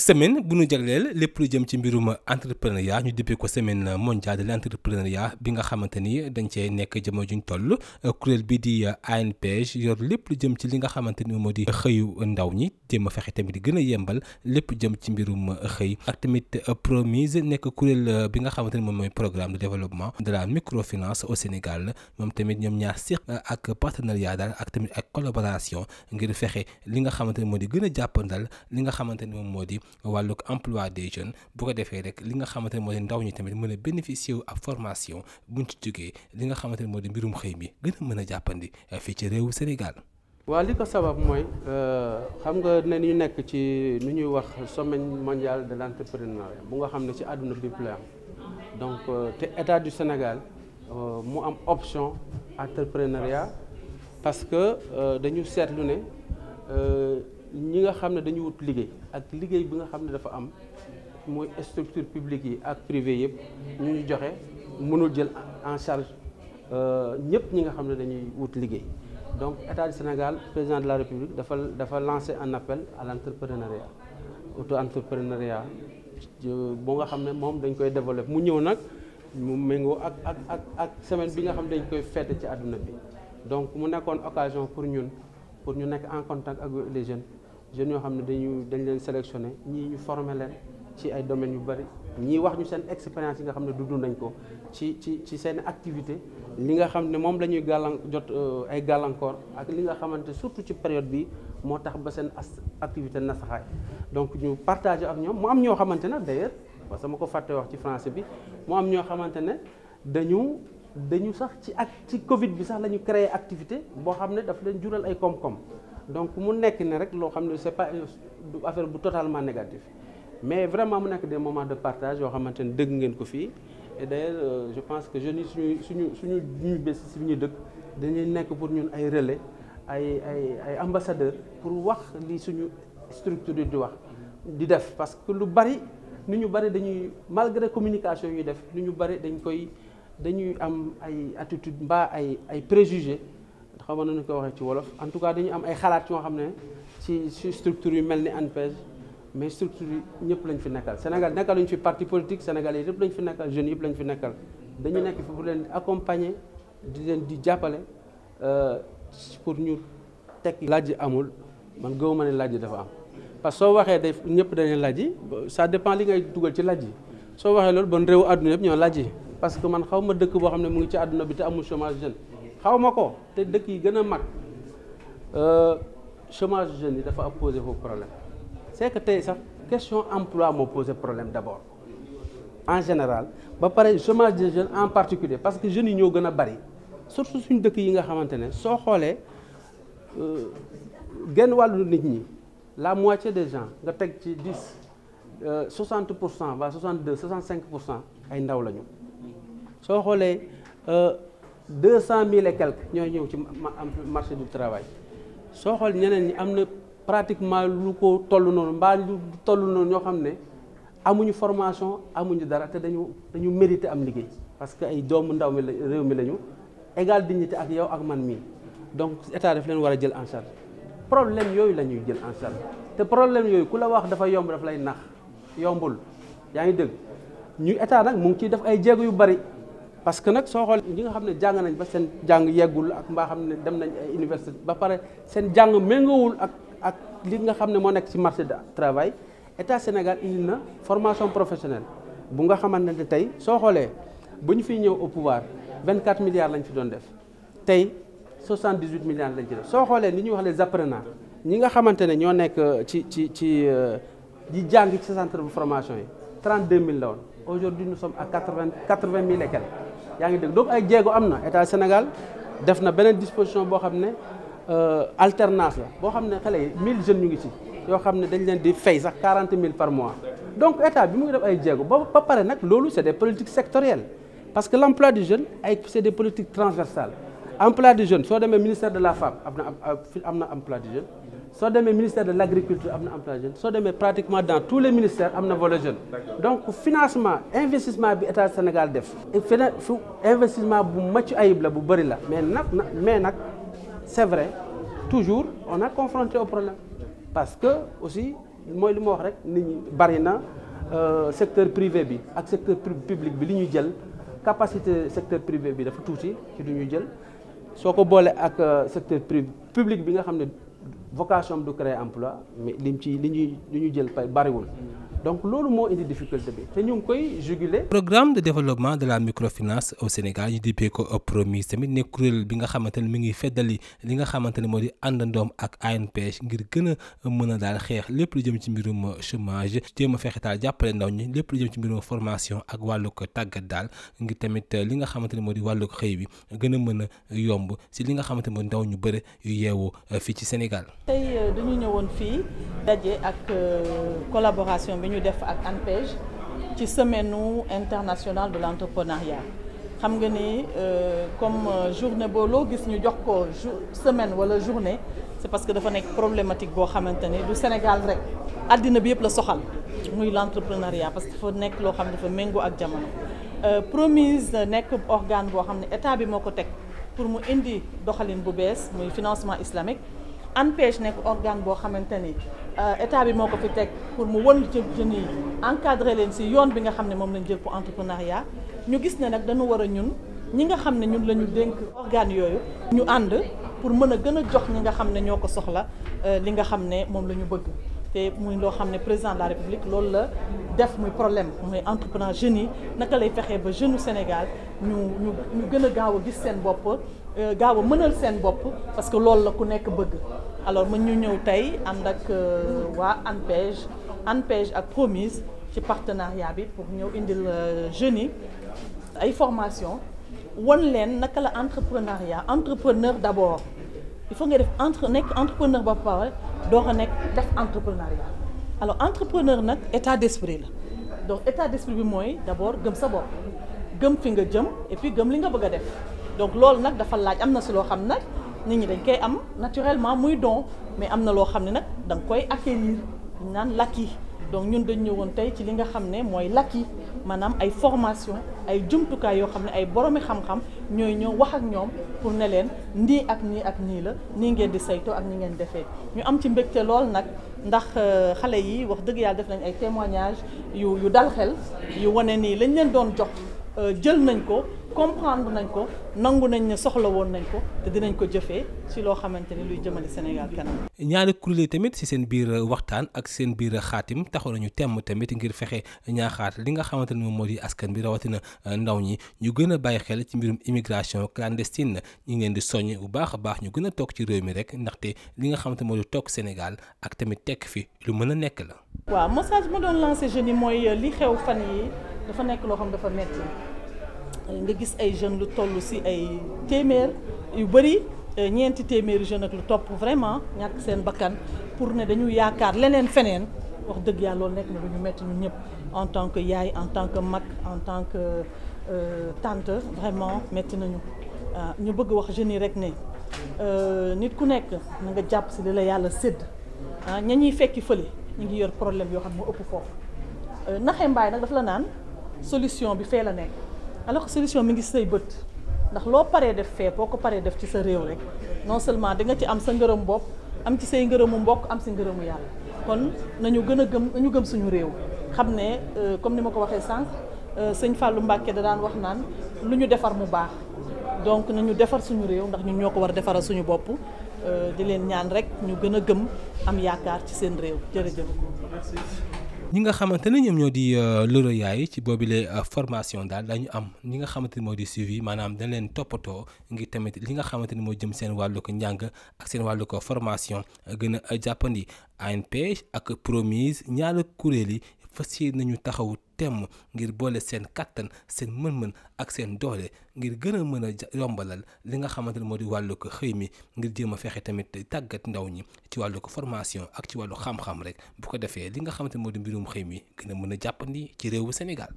semaine bu ñu jagleel lépp lu jëm ci mbirum entrepreneuriat ñu dippee ko semaine mondiale de l'entrepreneuriat bi nga xamante ni dañ cee nekk jamono juñ toll kuréel bi di ANPEJ yor lépp lu jëm ci li nga xamante ni moo di xëyu ndaw ñi jéem a fexe tamit gën a yembal lépp jëm ci mbirum xëy ak tamit promise nekk kuréel bi nga xamante ni moom mooy programme de développement de la microfinance au Sénégal moom tamit ñoom ñaar seq ak partenariat daal ak tamit ak collaboration ngir fexe li nga xamante ni moo di gën a jàppandal li nga xamante ni moom moo di wàllug emplois des jeunes bu ko defee rek li nga xamante ne moo di ndaw ñi tamit mën a bénéficier wu ak formation buñ ci jógee li nga xamante ne moo di mbirum xëy mi gën a mën a jàppandi eh, fii ci réewu Sénégal. waa li ko sabab mooy euh, xam nga ne ñu nekk ci nu ñuy wax sommet mondial de l'entrepreneuriat bu nga xam ne ci àdduna bi la donc euh, te état du Sénégal euh, mu am option entrepreneuriat parce que dañu seetlu ne. ñi nga xam ne dañu wut liggéey ak liggéey bi nga xam ne dafa am mooy structure publique yi ak privé yëpp ñu ñu joxe mënul jël en charge euh, ñëpp ñi nga xam ne dañuy wut liggéey donc état du Sénégal président de la République dafa dafa lancé un appel à l' entrepreneuriat auto entrepreneuriat euh, boo nga xam ne moom dañ koy développé mu ñëw nag mu méngoo ak ak ak ak semaine bi nga xam ne dañ koy fête ci àdduna bi donc mu nekkoon occasion pour ñun pour ñu nekk en contact ak les jeunes jeunes yoo xam ne dañu dañ leen sélectionné ñii ñu formé leen ci ay domaines yu bëri ñii wax ñu seen expérience yi nga xam ne dund nañ ko ci ci ci seen activité li nga xam ne moom la ñuy gàllan jot euh, ay gàllankoor ak li nga xamante surtout ci période bi moo tax ba seen activité nasaxaay donc ñu partagé ak ñoom mu am ñoo xamante ne d'ailleurs parce que ma ko fàtte wax ci français bi mu am ñoo xamante ne dañu dañu sax ci ak ci Covid bi sax la créer activité boo xam ne daf leen jural ay koom-koom donc mu nekk ne rek loo xam ne c'est pas du affaire bu totalement négatif mais vraiment mu nekk des moments de partage yoo xamante ne dëgg ngeen ko fii et d'ailleurs euh, je pense que jeunes yi suñu suñu suñu ñu bés si ñuy dëkk dañuy nekk pour ñun ay relais ay ay ay ambassadeurs pour wax li suñu structure di wax di def parce que lu bari nu ñu bari dañuy malgré communication yu def nu ñu bari dañ koy. dañuy am ay attitude mbaa ay ay préjugés xaw ma nañu ko waxee ci wolof en tout cas dañuy am ay xalaat yoo xam ne ci ci structure yu mel ni ANPEJ mais structure yi ñëpp lañ fi nekkal Sénégal nekkaluñ fi parti politique sénégalais yëpp lañ fi nekkal jeunes yëpp lañ fi nekkal dañu nekk foofu leen accompagner di leen di jàppale euh, pour ñu tekk laaj amul man gëw ma ne laaj dafa am parce que soo waxee day ñëpp dañuy laaj sa dépend li ngay dugal ci laaj yi soo waxee loolu bon réew àdduna yëpp ñoo laaj parce que man xaw ma dëkk boo xam ne mu ngi ci àdduna bi te amul chômage jeune xawma ko te dëkk yi gën a mag euh, chômage jeune yi dafa posé foofu problème c'est que tey sax question emploi moo posé problème d'abord en général ba pare chômage des jeunes en particulier parce que jeunes yi ñoo gën a bari surtout suñ dëkk yi nga xamante ne soo xoolee euh, gen wàllu nit ñi la mois moitié des gens nga teg ci dix euh, soixante pour cent ba soixante deux soixante cinq pour cent ay ndaw lañu soo xoolee euh, deux cent mille et quelques ñoo ñëw ci marché du travail soo xool ñeneen ñi am na pratiquement lu ko toll noonu mbaa lu toll noonu ñoo xam ne amuñu formation amuñu dara te dañu dañu mérité am liggéey parce que ay doomu ndaw mi la réew mi lañu égal dignité ak yow ak man mii donc état daf leen war a jël en problème yooyu lañuy jël en te problème yooyu ku la wax dafa yomb daf lay nax yombul yaa ngi dëgg ñu état nag mu ngi ciy def ay jéego yu bari parce que nag soo xool ñi nga xam ne jàng nañ ba seen jàng yeggul ak mbaa xam ne dem nañ ay université ba pare seen jàng méngoowul ak ak li nga xam ne moo nekk ci marché de travail état Sénégal indi na formation professionnel bu nga xamante ne tey soo xoolee bu ñu fiy ñëw au pouvoir 24 milliards lañ fi doon def tey 78 milliards lañ ci soo xoolee ni ñuy wax les apprenants ñi nga xamante ne ñoo nekk ci ci ci euh, di jàng ci centre de formation yi 32 000 la woon aujourd'hui nous sommes à 80 80 000 et yaa ngi dégg donc ay jéego am na état Sénégal def na beneen disposition boo xam ne euh, alternance la boo xam ne xale yi 1000 jeunes ñu ngi ci yoo xam ne dañ leen di fey sax 40 000 par mois donc état bi mu ngi def ay jéego ba ba pare nag loolu c'est des politiques sectorielles parce que l'emploi du jeune ay c'est des politiques transversales emploi du jeune soo demee ministère de la femme am na am na emploi du jeune soo demee ministère de l' agriculture am na emploi jeune soo demee pratiquement dans tous les ministères am na volet jeune donc financement investissement bi état Sénégal def fena fu investissement bu macc ayib la bu bëri la mais nag mais nag c' est vrai toujours on a confronté au problème parce que aussi mooy li ma wax rek nit ñi bëri na euh, secteur privé bi ak secteur public bi li ñuy jël capacité secteur privé bi dafa tuuti ci du ñuy jël soo ko boolee ak euh, secteur privé public bi nga xam ne vocation du créer emploi lim ci li ñuy li ñu jël pay bariwul donc loolu moo indi difficulté bi te ñu ngi koy juguler. programme de développement de la microfinance au Sénégal yi dippee ko promise tamit ne kuréel bi nga xamante ne mi ngi feddali li nga xamante ne moo di àndandoom ak ANPEJ ngir gën a mën a daal xeex lépp lu jëm ci mbirum chômage jéem a fexe daal jàppale ndaw ñi lépp lu jëm ci mbirum formation ak wàllu ko tàggat daal ngir tamit li nga xamante ne moo di wàllu xëy wi gën a mën a yomb si li nga xamante ne moo ndaw ñu bëri yu yeewoo fii ci Sénégal. Euh, daje ak euh, collaboration bi ñu def ak ANPEJ ci semaine international de l' entrepreneuriat xam nga ni euh, comme euh, journée boo loo gis ñu jox ko semaine wala journée c' parce que dafa nekk problématique boo xamante ni du Sénégal rek àddina bi yëpp la soxal muy l' parce que dafa nekk loo xam ne dafa méngoo ak jamono. promise nekk organe boo xam ne état bi moo ko teg pour mu indi doxalin bu bees muy financement islamique. ANPEJ nekk organe boo xamante ni euh, état bi moo ko fi teg pour mu wël ci jeunes yi encadré leen si yoon bi nga xam ne moom lañ jël pour yaa ñu gis ne nag dañu war a ñun ñi nga xam ne ñun la ñu dénk organe yooyu ñu ànd pour mën a gën a jox ñi nga xam ne ñoo ko soxla euh, li nga xam ne moom la ñu bëgg te muy loo xam ne président de la république loolu la def muy problème mooy entrepreneur jeunes yi naka lay fexee ba jeune Sénégal ñu ñu ñu gën a gaaw a gis seen bopp euh, gaaw a mënal seen bopp parce que loolu la ku nekk bëgg alors man ñu ñëw tey ànd ak euh, waa ANPEJ ANPEJ ak Promise ci partenariat bi pour ñëw indil euh, jeunes yi ay formation won leen naka la entrepreneuriat entrepreneur d'abord il foog nga def entre nekk entrepreneur ba pare doo ko nekk def entrepreneuriat alors entrepreneur nag état d'esprit la donc état d'esprit bi mooy d'abord gëm sa bopp gëm fi nga jëm et puis gëm li nga bëgg a def donc loolu nag dafa laaj am na si loo xam nag nit ñi dañ koy am naturellement muy don mais am na loo xam ne nag da koy acquérir naan lakk yi donc ñun dañ ñëwoon tey ci li nga xam ne mooy yi maanaam ay formation ay jumtukaay yoo xam ne ay boromi xam-xam ñooy ñëw wax ak ñoom pour ne leen nii ak nii ak nii la nii ngeen di saytoo ak ñi ngeen defee ñu am ci mbégte lool nag. ndax euh, xale yi wax dëgg yàlla def nañ ay témoignages yu yu dal xel yu wane nii lañ leen doon jox euh, jël nañ ko comprendre nañ ko nangu nañ ne woon nañ ko te dinañ ko jëfee ci loo xamante ni luy jëmale Sénégal kanam. ñaari kuréel yi tamit si seen biir waxtaan ak seen biir xaatim taxaw nañu temm tamit ngir fexe ñaaxaat li nga xamante ne moom moo di askan bi rawatina ndaw ñi ñu gën a bàyyi xel ci mbirum immigration clandestine ñu ñi ngeen di soññ bu baax a baax ñu gën a toog ci réew mi rek ndaxte li nga xamante moo di toog Sénégal ak tamit tekk fi lu mën a nekk la. waaw nga gis ay jeunes lu toll si ay téeméer yu bëri euh, ñeenti téeméeri jeunes ak lu topp vraiment ñàkk seen bakkan pour ne dañu yaakaar leneen feneen wax dëgg yàlla loolu nekk na lu ñu metti ñun ñëpp en tant que yaay en tant que mag en tant que euh, tant vraiment metti nañu ah, ñu bëgg wax jeunes yi rek ne euh, nit ku nekk na nga jàpp si li la yàlla sédd ah ña ñuy fekki fële ñu ngi yor problème yoo xam ne moo ëpp foofu naxe mbaay nag daf la naan solution bi fee la nekk alors que solution mi ngi say bët ndax loo paree def fee boo ko paree def ci sa réew rek non seulement di nga ci am sa ngërëm bopp am ci say ngërëmu mbokk am si ngërëmu yàlla kon nañu gën a gëm nañu gëm suñu réew xam ne euh, comme ni ma ko waxee sànq euh, sëñ Fallou Mbacke da wax naan lu ñu defar mu baax donc nañu defar suñu réew ndax ñu ñoo ko war a defaral suñu bopp euh, di leen ñaan rek ñu gën a gëm am yaakaar ci seen réew jërëjëf. ñi nga xamante ne ñoom ñoo di euh, loro yaay ci boobile euh, formation daal dañu am ñi nga xamante ni moo di suivi maanaam dañ leen toppatoo ngir tamit li nga xamante ni moo jëm seen wàllu ko njàng ak seen wàllu ko formation a gën a jàppandi ANPEJ ak Promise ñaar kuréel yi fas yéene nañu taxawu temm ngir boole seen kattan seen mën-mën ak seen doole ngir gën a mën a yombalal li nga xamante ne moo di wàllu ko xëy mi ngir jéem a fexe tamit tàggat ndaw ñi ci wàllu ko formation ak ci wàllu xam-xam rek bu ko defee li nga xamante ne moo di mbirum xëy mi gën a mën a jàppandi ci réewu Sénégal.